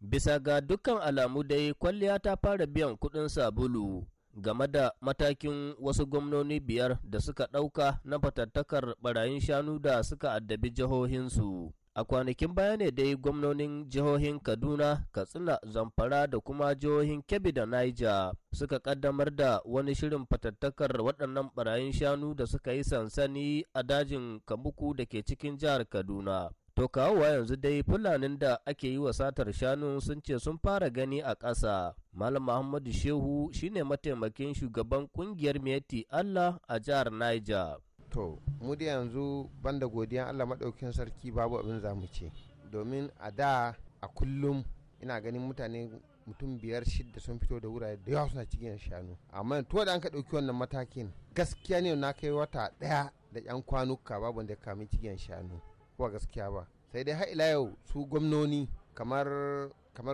Bisa ga dukkan alamu dai kwalliya ta fara biyan kuɗin sabulu game da matakin wasu gwamnoni biyar da suka ɗauka na fatattakar barayin shanu da suka addabi jihohinsu. A kwanakin baya ne dai gwamnonin jihohin Kaduna, Katsina, Zamfara da kuma jihohin Kebbi da Niger suka kaddamar da wani shirin fatattakar waɗannan barayin shanu da suka yi sansani a dajin Kamuku da ke cikin jihar Kaduna. To kawowa yanzu dai fulanin da ake yi wa satar shanu sun ce sun fara gani a ƙasa. Malam Muhammadu Shehu shine mataimakin shugaban kungiyar miyati Allah a jihar Niger. To, mu da yanzu banda godiyan Allah maɗaukin sarki babu abin za ce. Domin a da a kullum ina ganin mutane mutum biyar shidda sun fito da wurare da yawa suna cikin shanu. Amma to da an ka ɗauki wannan matakin gaskiya ne na kai wata ɗaya da 'yan kwanuka babu wanda ya kami cikin shanu. ba gaskiya ba sai dai har ila yau su gwamnoni kamar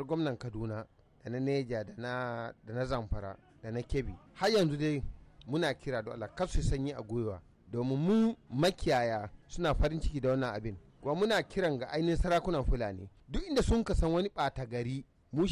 gwamnan kaduna da na neja da na zamfara da na kebi har yanzu dai muna kira da Allah kasu sanyi a gwiwa domin mu makiyaya suna farin ciki da wannan abin kuma muna kiran ga ainihin sarakunan fulani duk inda sun kasan wani ɓata gari mu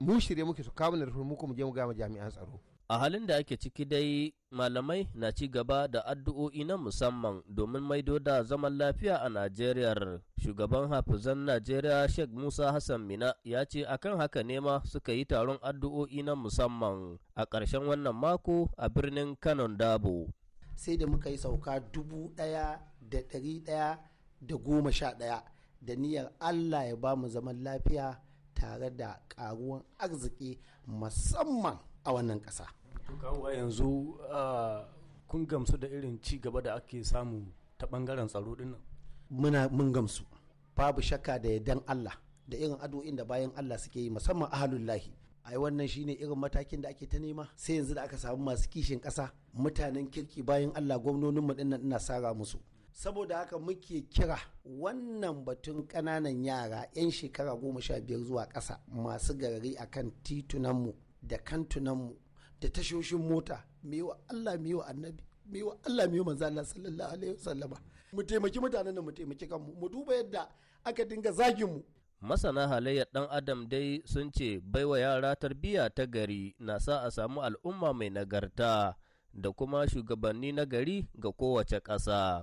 mu shirye muke su kawo da rufin mu kuma je mu gama jami'an tsaro a halin da ake ciki dai malamai na ci gaba da addu'o'i na musamman domin maido da zaman lafiya a Najeriya. Shugaban hafizan Najeriya Sheikh Musa Hassan Mina ya ce akan haka ne ma suka yi taron addu'o'i na musamman a karshen wannan mako a birnin Kanon Dabo. Sai da muka yi sauka dubu ɗaya da ɗari ɗaya da goma sha ɗaya da niyyar Allah ya ba mu zaman lafiya tare da karuwan arziki musamman a wannan ƙasa. kawowa yanzu kun gamsu da irin ci gaba da ake samu ta bangaren tsaro din muna mun gamsu babu shakka da yadan Allah da irin addu'o'in da bayan Allah suke yi musamman ahalullahi ai wannan shine irin matakin da ake ta nema sai yanzu da aka samu masu kishin ƙasa mutanen kirki bayan Allah gwamnonin mu dinnan ina sara musu saboda haka muke kira wannan batun ƙananan yara 'yan shekara goma sha biyar zuwa ƙasa masu garari akan titunanmu da kantunanmu da tashoshin mota mewa Allah mewa annabi mewa Allah mewa manzo Allah sallallahu alaihi wasallama mu taimaki mutanen da mu taimaki kanmu mu duba yadda aka dinga zagin mu masana halayyar ɗan adam dai sun ce baiwa yara tarbiyya ta gari na sa a samu al'umma mai nagarta da kuma shugabanni na gari ga kowace ƙasa